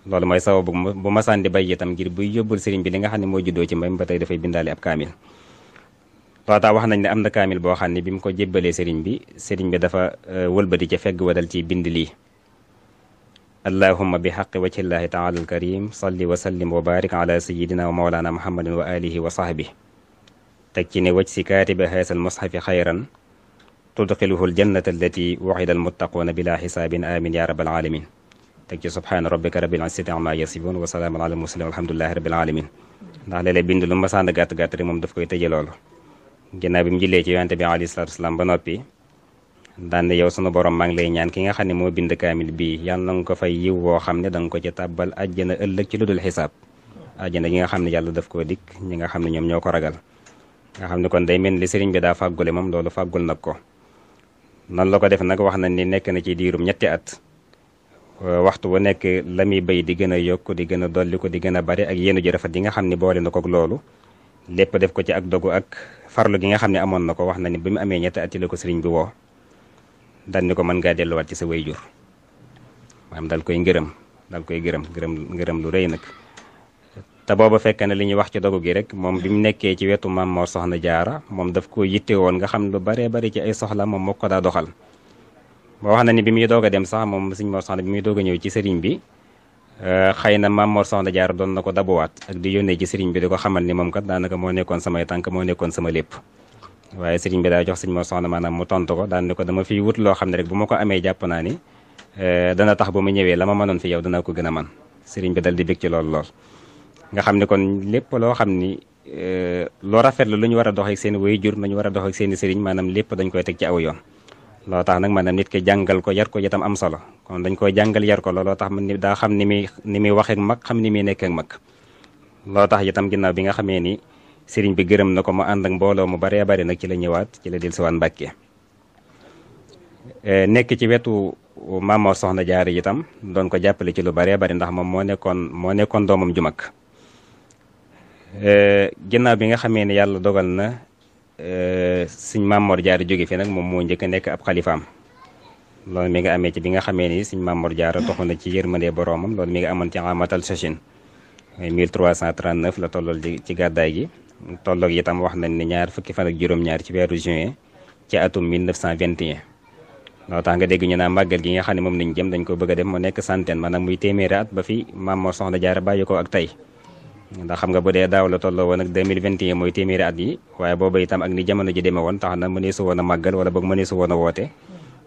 loolu mooy sababu bu masaan di bay itam ngir buy yóbbul sëriñ bi li nga xam ne moo juddoo ci mbay ba tey dafay bindaale ab kaamil tootaa wax nañ ne am na kaamil boo xam ne bi mu ko jébbalee sëriñ bi sëriñ bi dafa euh, wëlbati ca fegg wadal ci bind lii allahumma bi xaqi wajhillaahi taala alkarim salli wa sallim wa barik ala sayidina wa mawlana muhammadin wa alihi wa sahbi teg ci ne waj si kaatiba haasal mushafi xayran tudxiluhu aljannata allati waxida almuttaquuna bila xisaabin amin ya rabbal alamin teg ci subhaana rabbika rabbil izzati amma yasifun wa salaamun ala almursalin walhamdulilahi rabbil alamin ndax léeg-léeg bind lu ma sànd gàtt gàtt rek moom daf koy tëje loolu ginnaaw bi mu jullee ci yonante bi alayhi salaatu wasalaam ba noppi daan yow sunu borom maa ngi lay ñaan ki nga xam ne moo bind kaamil bii yàlla na nga ko fay yiw woo xam ne da nga ko ci tàbbal àjjana ëllëg ci lu dul xisaab àjjana yi nga xam ne yàlla daf koo dikk ñi nga xam ne ñoom ñoo ko ragal nga xam ne kon day mel ni sëriñ bi daa fàggule moom loolu fàggul nag ko noonu la ko def nag wax nañ ni nekk na ci diirum ñetti at waxtu wu nekk la muy bay di gën a yokk di gën a dolli ko di gën a bare ak yéenu ji rafet yi nga xam ne boole na koog loolu lépp def ko ci ak dogu ak farlu gi nga xam ne amoon na ko wax na ni bi mu amee ñetti at la ko sëriñ bi woo dal ni ko mën ngaa delluwaat ci sa way jur maanaam dal koy ngërëm dal koy gërëm gërëm ngërëm lu rëy nag te booba fekk na li ñuy wax ci dogu gi rek moom bi mu nekkee ci wetu maam Mor Soxna Jaara moom daf ko yitte woon nga xam lu baree bari ci ay soxla moom moo ko daa doxal boo wax na ni bi muy doog a dem sax moom sëriñ Mor Soxna bi muy doog a ñëw ci sëriñ bi Euh, xëy na Maam Mor Soxna jaar doon na ko dabuwaat ak di yónnee ci sëriñ bi di ko xamal ni moom kat daanaka moo nekkoon samay tànk moo nekkoon sama lépp waaye sëriñ bi daa jox sëriñ Mor Soxna maanaam mu tont ko daan ni ko dama fiy wut loo xam ne rek bu ma ko amee jàpp naa ni euh, dana tax ba mu ñëwee la ma mënoon fi yow dana ko gën a man sëriñ bi dal di bég ci lool lool nga xam ne kon lépp loo xam ni euh, loo rafet la lu ñu war a dox ak seen wéy jur nañu war a dox ak seen i sëriñ maanaam lépp dañ koy aw yoon loo tax nag mën na nit ki jàngal ko yar ko itam am solo kon dañ koy jàngal yar ko looloo tax man ni daa xam ni muy ni muy waxeek mag xam ni muy nekkeek mag loo tax itam ginnaaw bi nga xamee ni sëriñ bi gërëm na ko mu ànd ak mbooloo mu baree bari nag ci la ñëwaat ci la dellusiwaat Mbàkke eh, nekk ci wetu Maamoor Soxna Jaara yitam doon ko jàppale ci lu baree bari ndax moom moo nekkoon moo nekkoon doomam ju mag eh, ginnaaw bi nga xamee ni yàlla dogal na Euh, sëñ Maam Mor Jaara jóge fi nag moom moo njëkk a nekk ab xalifaam loolu mi nga amee ci bi nga xamee ni sëñ Maam Mor Jaara toxu na ci yërmande boroomam loolu mi nga amoon ci amatal sochin 1339 la tollool ci gàddaay gi tolloog itam wax nañ ne ñaar fukki fa ak juróom-ñaar ci weeru juin ci atum 1921 loo tax nga dégg ñu naa màggal gi nga xam ne moom lañ jëm dañ ko bëgg a def mu nekk centaine maanaam muy téeméeri at ba fi Maam Mor Jaara bàyyi ko ak tey ndax xam nga bu dee daaw la tolloo woon ak 2021 mooy téeméeri at yi waaye booba itam ak ni jamono ji demee woon tax na mëneesu woon a màggal wala boog mëneesu woon a woote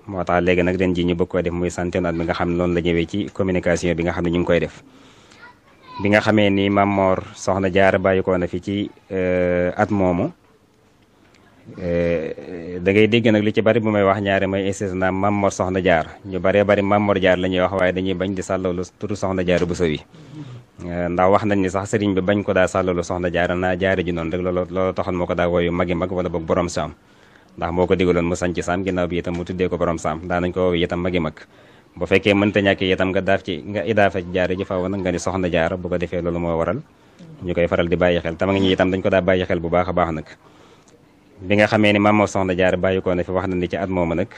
moo tax léegi nag ren ji ñu bëgg koo def muy santeen at bi nga xam ne noonu la ñëwee ci communication bi nga xamee ni Maam Moor soxna Jaara bàyyi ko na fi ci euh, at moomu euh, da ngay dégg nag lu ci bari bu may wax ñaari may insisté naa Maam Moor soxna Jaar ñu baree bari Maam Moor Jaar la ñuy wax waaye dañuy bañ di sàllaw lu turu soxna Jaara Buso wi Eh, ndax wax nañ ni sax sëriñ bi bañ ko daa sàllalu soxna jaara naa jaare ji noonu rek loolu loolu taxoon moo ko daa wooyu magi mag wala boog borom saam ndax moo ko digaloon mu sanc saam ginnaaw bi itam mu tuddee ko borom saam daa nañ ko wooyu itam magi mag bu fekkee mënta ñàkk itam nga daaf ci nga idaafa ci jaare ji faaw nag nga ni soxna jaara bu ko defee loolu moo waral ñu koy faral di bàyyi xel tam a nga ñi itam dañ ko daa bàyyi xel bu baax a baax nag bi nga xamee ni maam moo soxna jaara bàyyi ko fi wax na ni ci at moom nag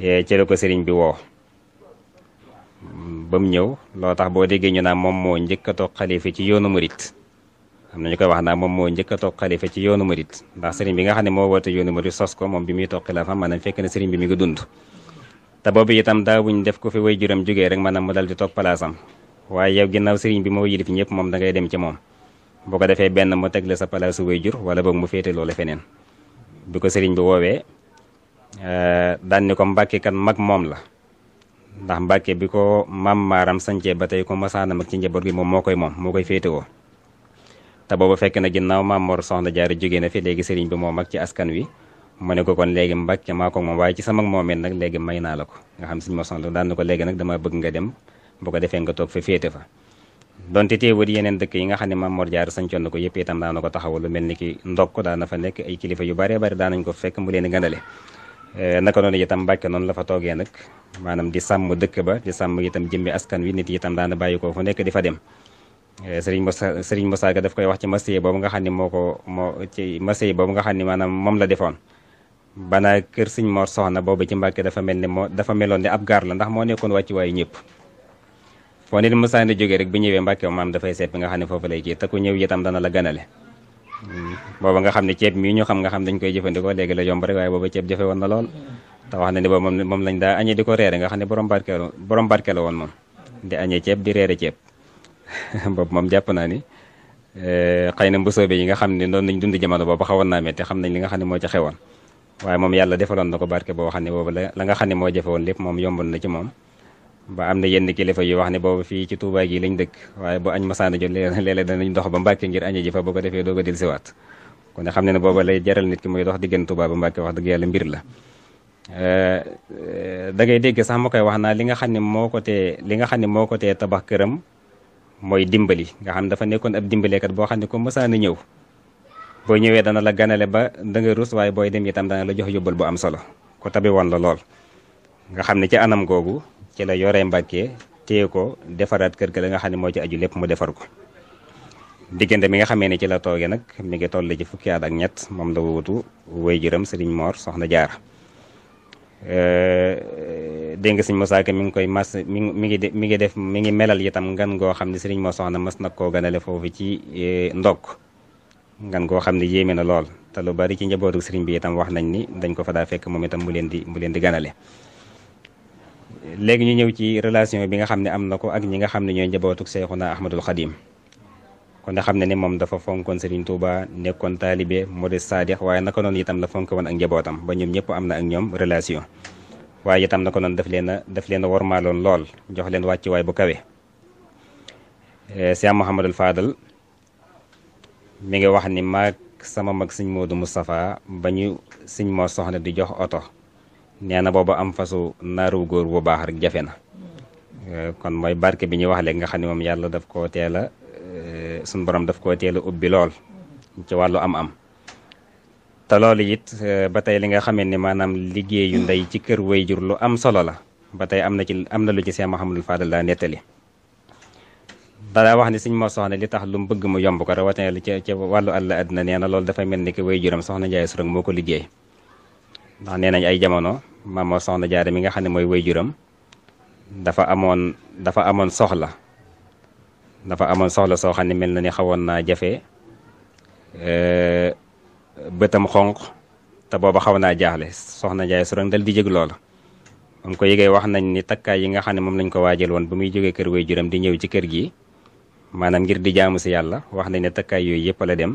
eh, ci la ko sëriñ bi woo ba mu ñëw loo tax boo déggee ñu naa moom moo njëkk a toog xalifa ci yoonu murit am na ñu koy wax naa moom moo njëkk toog xalifa ci yoonu murit ndax sëriñ bi nga xam ne moo woote yoonu murit sos ko moom bi muy toog xilaafa maanaam fekk na sëriñ bi mi ngi te boobu itam daawuñ def ko fi juram jógee rek maanaam mu dal di toog palaasam waaye yow ginnaaw sëriñ bi moo yilif ñëpp moom da dem ci moom boo ko defee benn mu tegle la sa palaasu way jur wala boog mu féete loolu feneen bi ko sëriñ bi woowee eh, daan ni ko kat mag moom la ndax Mbàkke bi ko maam maaram sancee ba tey ko masaana mag ci njaboot gi moom moo koy moom moo koy féetewoo te boobu fekk na ginnaaw maam Mor soxna jaar jógee na fi léegi sëriñ bi moo mag ci askan wi mu ne ko kon léegi Mbàkke maa ko moom waaye ci sama moomeel nag léegi may naa la ko nga xam suñu ma soxla daan na ko léegi nag dama bëgg nga dem bu ko defee nga toog fa féete fa donte téewul yeneen dëkk yi nga xam ne maam Mor Jaara sañcoon na ko yëpp itam daana ko taxawal lu mel ni ki daana fa nekk ay kilifa yu bare bare daanañ ko fekk mu leen ganale Eh, naka noonu itam Mbàkke noonu la fa toogee nag maanaam di sàmm dëkk ba di sàmm itam jëmmi askan wi nit yitam itam daana bàyyi ko fu nekk di fa dem eh, sëriñ Moussa sëriñ Moussa Ka daf koy wax ci masiye boobu nga xam ne moo ko moo ci masiye nga xam ne maanaam moom la defoon banaa kër sëñ Mor Soxna boobu ci Mbàkke dafa mel ne moo dafa meloon ne ab gaar la ndax moo nekkoon wàcci waayu ñëpp foo nit Moussa ne jógee rek bu ñëwee Mbàkke maam dafay seet nga xam ne foofu lay kii te ku ñëw itam dana la ganale booba nga xam ne ceeb mii ñu xam nga xam dañ koy jëfandikoo léegi la yomb rek waaye booba ceeb jafe woon na lool te wax na booba moom moom lañ daa añee di ko reere nga xam ne borom barke la borom barke woon moom di añee ceeb di reere ceeb boobu moom jàpp naa ni eh, xëy na mbusoobe yi nga xam ne noonu lañ dund jamono boobu xawoon naa metti xam nañ li nga xam ne moo ci xewoon waaye moom yàlla defaloon na ko barke boo xam ne boobu la la nga xam ne moo jafe woon lépp moom yomboon na ci moom ba am na yenn kilifa yu wax ne boobu fii ci Touba gi lañ dëkk waaye boo añ masaana jot léeg-léeg danañ dox ba Mbàkke ngir añe ji fa bu ko defee doo ko del siwaat kon xam ne ne booba lay jaral nit ki dox diggante Touba ba Mbàkke wax dëgg yàlla mbir la da ngay dégg sax wax naa li nga xam ne moo ko tee li nga xam ne moo ko tee tabax këram mooy dimbali nga xam ne dafa nekkoon ab dimbaleekat boo xam ne ko masaana ñëw boo ñëwee dana la ganale ba da nga rus waaye booy dem itam dana la jox yóbbal bu am solo ko tabi woon la lool nga xam ne ci anam googu ci la yore Mbàkke téye ko defaraat kër ga la xam ne moo ci aju lépp mu defar ko diggante mi nga xamee ne ci la tooge nag mi ngi toll ci fukki at ak ñett moom la wutu waajuram sëriñ moor soxna Jaara euh, dégg nga sëñ Musaa Ka ngi koy mas mi ngi mi ngi def mi ngi melal itam ngan goo xam ne sëriñ Mor soxna mas nag koo ganale foofu ci euh, ndokk ngan goo xam ne yéeme na lool te lu bari ci njabootu sëriñ bi itam wax nañ ni dañ ko fa daa fekk moom itam mu leen di mu leen di ganale léegi ñu ñëw ci relation bi nga xam ne am na ko ak ñi nga xam ne ñooy njabootuk Seexuna Ahmadul Xadim kon nga xam ne ni moom dafa fonkoon Serigne Touba nekkoon taalibe modeste saadix waaye naka noonu itam na fonk woon ak njabootam ba ñoom ñëpp am ak ñoom relation waaye itam naka noonu daf leen a daf leen a wormaaloon lool jox leen wàccuwaay bu kawe eh, Cheikh Fadal mi ngi wax ni maag sama mag sëñ Modou Moustapha ba ñu sëñ moo soxna di jox oto nee na booba am fasu naaru góor bu baax rek jafe na euh, kon mooy barke bi ñuy wax léegi nga xam ne moom yàlla daf koo teel a euh, suñu borom daf koo teel ubbi lool ci wàllu am-am te loolu it euh, ba tey li nga xamee ni maanaam liggéeyu ndey ci kër wayjur lu am solo la ba tey am na ci am na lu ci Seex Mahamadul Fadal daa nettali dadaa wax ni suñ moo soxna li tax lu mu bëgg mu yomb ko rawatina li ci ci wàllu àll àddina nee na loolu dafa mel ni ki wayjuram soxna Njaay rek moo ko liggéey ndax nee nañ ay jamono Maam Mor Soxna Jaara mi nga xam ne mooy juram dafa amoon dafa amoon soxla dafa amoon soxla soo xam ne mel na ni xawoon naa jafe eh, bëtam xonq te booba xaw naa jaaxle soxna jaay su dal di jég loola moom ko yëgee wax nañ ni takkaay yi nga xam ne moom lañ ko waajal woon bu muy jógee kër juram di ñëw ci kër gi maanaam ngir di jaamu si yàlla wax nañ ne takkaay yooyu yëpp la dem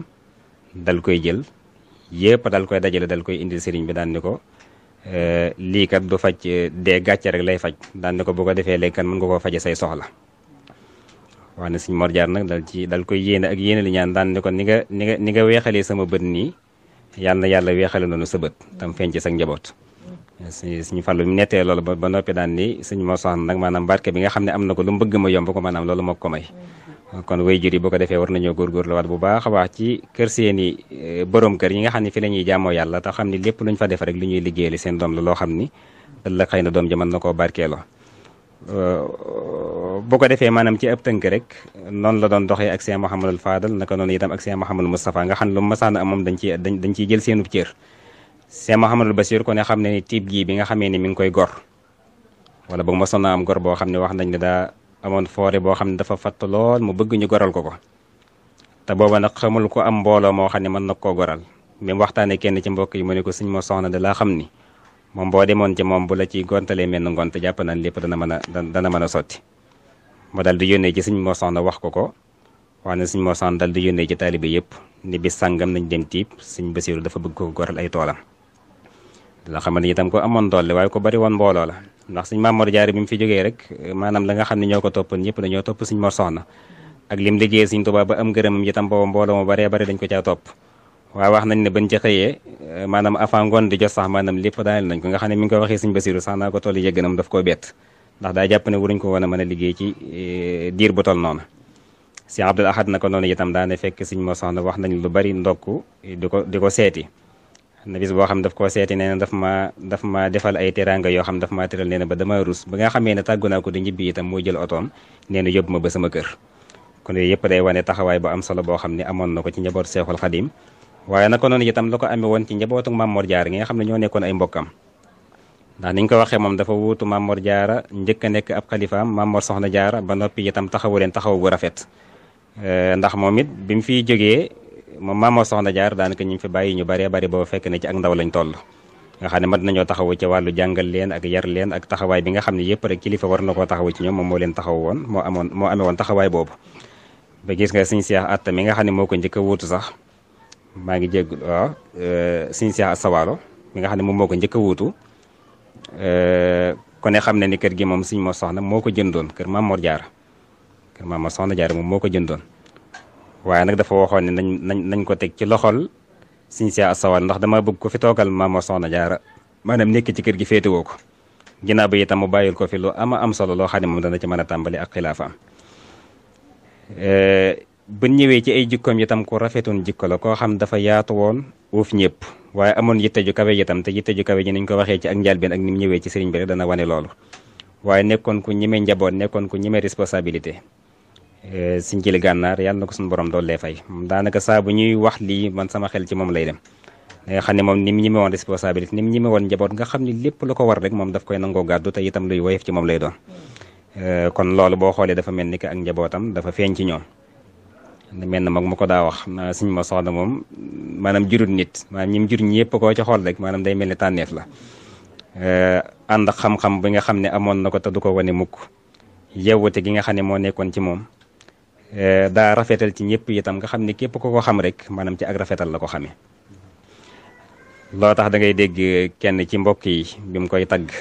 dal koy jël yëpp dal koy dajale dal koy indil sëriñ bi daan ni ko Eh, lii kat du faj dee gàcce rek lay faj daan ko boo ko defee léegi kan mën nga koo faje say soxla wax ne suñ Mor Jaar nag dal ci dal koy yéene ak yéene li ñaan daan ne ko ni nga ni nga ni nga weexalee sama bët nii yàlla na yàlla weexale noonu sa bët tam feeñ ci sa njaboot. suñu suñu fàllu mu nettee lool ba ba noppi daan ni suñ Mor soxna nag maanaam barke bi nga xam ne am na ko lu mbëgg ma yomb ko maanaam loolu moo ko may. kon wayjur yi bu ko defee war nañoo góorgóorlu waat bu baax a baax ci kër seeni eh, borom kër yi nga xam ne fi la ñuy jaamoo yàlla te xam ne lépp lu fa def rek lu ñuy liggéeyali seen doom la loo xam ni ëllëg xëy na doom ja mën na koo barkeeloo euh, bu ko defee maanaam ci ab tënk rek noonu la doon doxee ak Cheikh Mouhamadul Fadal naka noonu itam ak Cheikh Mouhamadul Moustapha nga xam ne lu masaan a moom dañ ciy dañ ciy jël seenub cër Cheikh Mouhamadul Bachir ko ne xam ne ni tiib gii bi nga xamee ni mi ngi koy gor wala boog masoon na am gor boo xam ne wax nañ ne amoon foore boo xam ne dafa fatt lool mu bëgg ñu goral ko ko te booba nag xamul ko am mbooloo moo xam ne mën na koo goral même waxtaanee kenn ci mbokk yi mu ne ko suñ ma soxna da laa xam ni moom boo demoon ci moom bu la ci gontalee mel ni ngont jàpp nañ lépp dana mën a dana mën a sotti mu dal di yónnee ci suñ moo soxna wax ko ko wax ne suñ moo soxna dal di yónnee ci taalibe yëpp ni bis sàngam nañ dem tiib suñ basiiru dafa bëgg ko goral ay toolam la xamal ni itam ko amoon doole waaye ko bari woon mbooloo la ndax suñ Maam Mor Jaara bi mu fi jógee rek maanaam la nga xam ne ñoo ko toppoon ñëpp dañoo topp suñ Mor Soxna ak lim liggéey suñ Tuubaa am ngërëmam itam booba mbooloo mu baree bare dañ ko caa topp waaw wax nañ ne bañ maanaam avant ngoon di jot sax maanaam lépp daaneel nañ ko nga xam ne mi ngi koy waxee suñ Basiru sax naa ko toll yëgganam daf koo bett ndax daa jàpp ne waruñ ko woon a mën a liggéey ci eh, diir bu toll noonu si Abdul Ahad na ko noonu itam daane fekk suñ Mor Soxna wax nañ lu bari ndokk di ko di ko seeti na bis boo xam daf koo seeti nee na daf ma daf ma defal ay teranga yoo xam daf maa tëral nee na ba dama rus ba nga xamee ne tàggu naa ko di ñibbi itam moo jël otoom nee na ma ba sama kër kon yooyu yëpp day wane taxawaay bu am solo boo xam ne amoon na ko ci njaboot Seexul Xadim waaye naka noonu itam la ko amee woon ci njabootu Maam Mor Jaara xam ne ñoo nekkoon ay mbokkam ndax niñ ko waxee moom dafa wuutu Maam Jaara njëkk a nekk ab xalifaam Maam Mor moom maamoo soxna jaar daanaka ñu fi bàyyi ñu baree bari boobu fekk ne ci ak ndaw lañ toll nga xam ne mën nañoo taxawu ci wàllu jàngal leen ak yar leen ak taxawaay bi nga xam ne yëpp rek kilifa war na koo taxawu ci ñoom moom moo leen woon moo amoon moo amee woon taxawaay boobu ba gis nga sëñ Seex Atta mi nga xam ne moo ko njëkk a wuutu sax ngi jégg sëñ Seex Asta mi nga xam ne moom moo ko njëkk a wuutu euh, ku ne xam ne ni kër gi moom sëñ moo soxna moo ko jëndoon kër Maam moo Jaara kër Maam Mor soxna jaar moom moo ko jëndoon waaye nag dafa waxoon ne nañ nañ nañ ko teg ci loxol Sëñ Seex Asta ndax dama bëgg ko fi toogal Maam Soxna Jaara maanaam nekk ci kër gi féetewoo ko ginnaaw ba itam mu bàyyil ko fi lu ama am solo loo xam ne moom dana ci mën a tàmbali ak xilaafaam bu ñëwee ci ay jikkoom itam ku rafetoon jikko la koo xam dafa yaatu woon uuf ñëpp waaye amoon yitte ju kawe itam te yitte ju kawe ji nañ ko waxee ci ak njëlbeen ak ni mu ñëwee ci sëriñ bi rek dana wane loolu waaye nekkoon ku ñime njaboot nekkoon ku ñime responsabilité Eh, siñ jili gànnaar yàlla na ko suñu borom doole fay daanaka saa bu ñuy wax lii man sama xel ci moom lay dem nga eh, xam ne moom ni mu ñi woon responsabilité ni mu ñi woon njaboot nga xam ne lépp lu ko war rek moom daf koy nangoo gàddu te itam luy woyof ci moom lay doon eh, kon loolu boo xoolee dafa mel ni que ak njabootam dafa feeñ ci ñoom mel na mag ma ko daa wax suñ ma soxna moom maanaam jurut nit maanaam ñi mu jur ñi yëpp koo ci xool rek maanaam day mel ni tànneef la ànd ak xam-xam bi nga xam ne amoon na ko te du ko wane mukk yewwute gi nga xam ne moo nekkoon ci moom Eh, daa rafetal ci ñëpp itam nga xam ni képp ko ko xam rek maanaam ci ak rafetal la ko xamee loo tax dangay dégg kenn ci mbokk yi bi mu koy tagg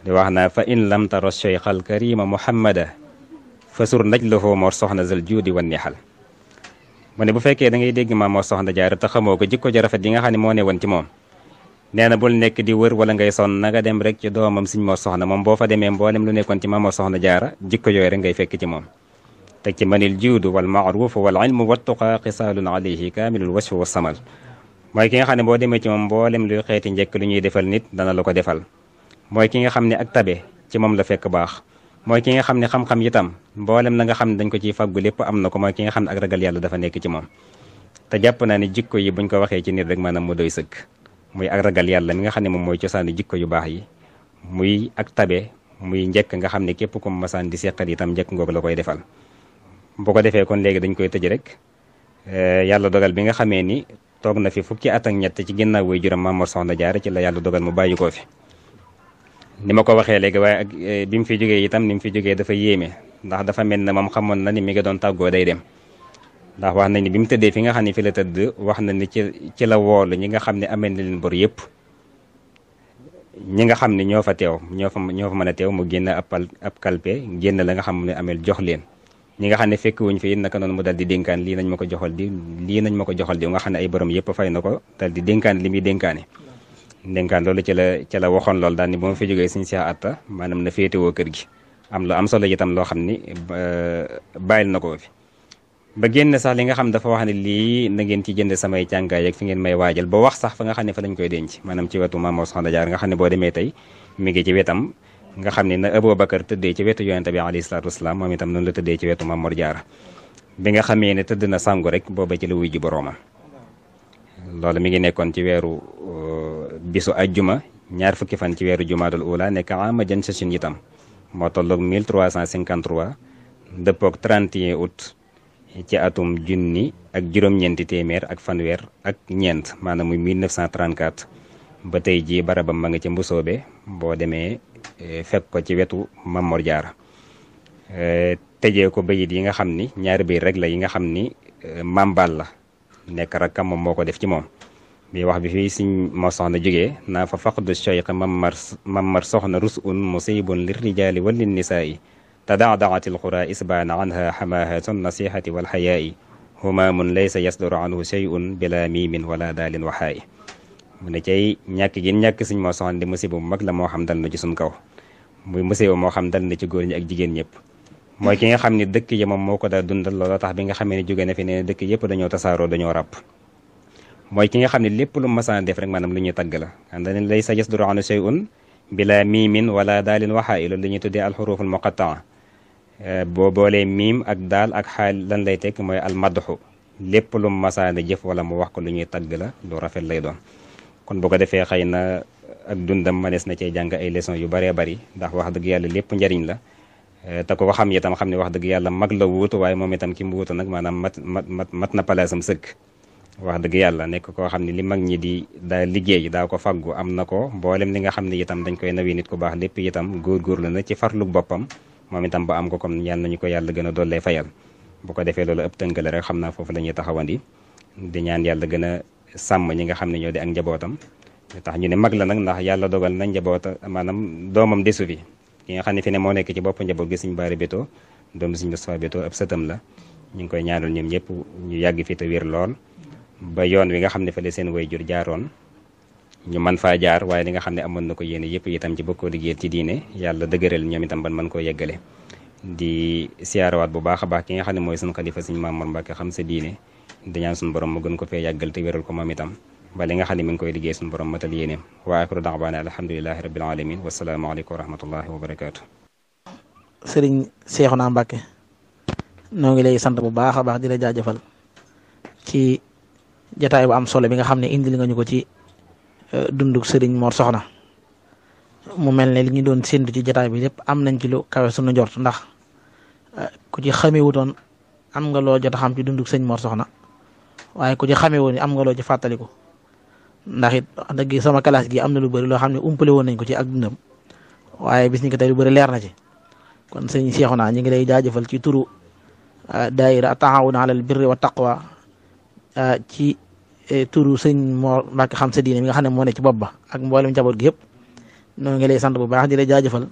di wax naa fa in lam tara cheikh al karima muhammada fasur naj lahoo mor soxna zal juudi wan nixal mu ne bu fekkee da ngay dégg maam mor soxna jaara te xamoo ko jikko ja rafet yi nga xam ne moo ne woon ci moom nee na bul nekk di wër wala ngay sonn na nga dem rek ci doomam suñ mor soxna moom boo fa demee mboolem lu nekkoon ci maam mor soxna jaara jikko yooyu rek ngay fekk ci moom teg ci manil juudu wal maaruf wal ilmu wattuqa xisaalun alayhi kaamilul wasfi wa samal mooy ki nga xam ne boo demee ci moom mboolem luy xeeti njekk lu ñuy defal nit dana la ko defal mooy ki nga xam ne ak tabe ci moom la fekk baax mooy ki nga xam ne xam-xam itam mboolem la xam ne dañ ko ciy fàggu lépp am na ko mooy ki nga xam ne ak ragal yàlla dafa nekk ci moom te jàpp naa ne jikko yi buñ ko waxee ci nit rek maanaam mu doy sëkk muy ak ragal yàlla mi nga xam ne moom mooy cosaani jikko yu baax yi muy ak tabe muy njekk nga xam ne képp ku masaan di seqal itam njëkk ngoog la koy defal boo ko defee kon léegi dañ koy tëj rek eh, yàlla dogal bi nga xamee ni toog na fi fukki at ak ñett ci génnaaw way juróom Maam Soxna Jaara ci la yàlla dogal mu bàyyi ko fi. ni ma ko waxee léegi waaye ak eh, bi mu fi jógee itam ni mu fi jógee dafa yéeme ndax dafa mel ne moom xamoon na ni mi ngi doon tàggoo day dem. ndax wax nañ ni bi mu tëddee fi nga xam ne fi la tëdd wax na ni ci ci la woolu ñi nga xam ne amee na leen bor yëpp. ñi nga xam ne ñoo fa teew ñoo fa ñoo fa mën a teew mu génn ab ab kalpe génn la nga xam ne amel jox leen. ñi nga xam ne fekk wuñ fi naka noonu mu dal di dénkaan lii nañ ma ko joxal di lii nañ ma ko joxal di nga xam ne ay borom yëpp fay na ko dal di dénkaan li muy dénkaane dénkaan loolu ci la ci la waxoon loolu daal ni bu ma fi jógee suñ seex atta maanaam na féetewoo kër gi am lu am solo itam loo xam ni bàyyil na ko fi ba génn sax li nga xam dafa wax ne lii na ngeen ci jënd samay càngaay ak fi ngeen may waajal ba wax sax fa nga xam ne fa lañ koy denc maanaam ci wetu Maam Mor Soxna Jaar nga xam ne boo demee tey mi ngi ci wetam nga xam ne na Aboubacar tëddee ci wetu yonente bi alayhi salaatu wasalaam moom itam noonu la tëddee ci wetu Mamor Jaara bi nga xamee ne tëdd na sangu rek booba ci la wuy ji boroomam loolu mi ngi nekkoon ci weeru uh, bisu juma ñaar fukki fan ci weeru jumaadul ula nekk ama jën sa suñu itam moo tolloog 1353 dëppoog 31 août ci atum junni ak juróom-ñeenti téeméer ak fanweer ak ñeent maanaam muy 1934 ba tey jii barabam ma nga ci mbusoobe boo demee Eh, fekk ko ci wetu Mame Mor Diarra eh, tëjee ko bayit yi nga xam ni ñaari bayit rek la yi nga xam ni eh, Mame Balla nekk rakkam moom moo ko def ci moom bi wax bi fii siñ moo soxna jógee naa fa faqdu sheyq mamar mamar soxna rusun musibun lirrijali wa linnisaa'i tadaadaat alqura isbaana anha xamaahatun nasihati walxayaa'i humaamun laysa yasduru anhu sheyun bila miimin wala daalin waxaa'i mu ne cay ñàkk gi ñàkk suñ moo soxan di musiba bu mag la moo xam dal na ci suñ kaw muy musiba moo xam dal na ci góor ñi ak jigéen ñëpp mooy ki nga xam ne dëkk yi moom moo ko daa dundal looloo tax bi nga xamee ne jóge fi nee dëkk yëpp dañoo tasaaroo dañoo ràpp mooy ki nga xam ne lépp lu masaan def rek maanaam lu ñuy tagg la anda leen lay sa jes doroxanu sey un bila miimin wala daalin waxaa ilu li ñuy tuddee alxuruful muqattaa boo boolee miim ak daal ak xaal lan lay tekk mooy almadxu lépp lu masaane jëf wala moo wax ko lu ñuy tagg la lu rafet lay doon kon boo ko defee xëy na ak dundam manees na cee jàng ay leçons yu baree bari ndax wax dëgg yàlla lépp njariñ la eh, ta ko xam itam xam ne wax dëgg yàlla mag la wuutu waaye moom itam ki mu nag maanaam mat mat mat mat na palaasam sëkk wax dëgg yàlla nekk koo xam ne li mag ñi di daa liggéey daa ko faggu am na ko boolem li nga xam ne itam dañ koy nawi nit ku baax lépp itam góorgóorlu na ci farlu boppam moom itam ba am ko comme ñaan nañu ko yàlla gën a dollee fayal bu ko defee loolu ëpp tënk la rek xam naa foofu la ñuy taxawandi di ñaan yàlla gën sàmm ñi nga xam ne ñoo di ak njabootam tax ñu ne mag la nag ndax yàlla dogal na njaboota maanaam doomam desu fi ki nga xam ne fi ne moo nekk ci bopp njaboot gi suñ baari bétoo doom suñ Moustapha bétoo ab sëtam la ñu ngi koy ñaanal ñoom ñëpp ñu yàgg fi te wér lool ba yoon wi nga xam ne fa la seen wayjur jaaroon ñu faa jaar li nga xam ne amoon na ko yéene yëpp itam ci bokkoo liggéeyal ci diine yàlla dëgëral ñoom itam ban mën koo yeggale di siyaarawaat bu baax a baax ki nga xam ne mooy suñ xalifa suñ Mamour Mbacke xam sa diine di ñaan suñu borom mu gën ko fee yàggal te wéral ko moom itam ba li nga xam ne mi ngi koy liggéey suñu borom matal yéeneem wa axiru da'waana alhamdulillahi rabbil alamin wasalaamaaleykum wa rahmatullahi wa barakaatu sëriñ Seexuna Mbàkke noo ngi lay sant bu baax a baax di la jaajëfal ci jataay bu am solo bi nga xam ne indil nga ñu ko ci euh, dunduk sëriñ Mor Soxna mu mel ne li ñu doon séntu ci jataay bi lépp am nañ ci lu kawe sunu njort ndax euh, ku ci xamee wutoon am nga loo jot a xam ci dunduk sëñ Mor Soxna waaye ku ci xamee woon am nga loo ci fàttaliku ndax it dëgg sama classe gi am na lu bari loo xam ne umpale woon nañ ko ci ak dundam waaye bis ñi ko tey lu bari leer na ci kon sëñ Cheikhouna ñu ngi lay jaajëfal ci turu ah, daayira taawun alal birri wa ah, ci eh, turu sëñ Mor Mbacke xam sa diine mi nga xam ne moo ne ci bopp ba ak mboolem njaboot gi yëpp noonu ngi lay sant bu baax di lay jaajëfal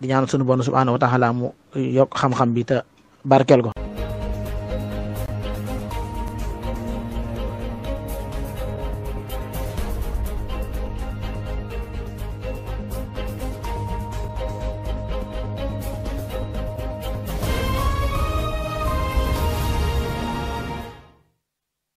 di ñaan sunu bon subhaanahu wa taala mu yokk xam-xam bi te barkeel ko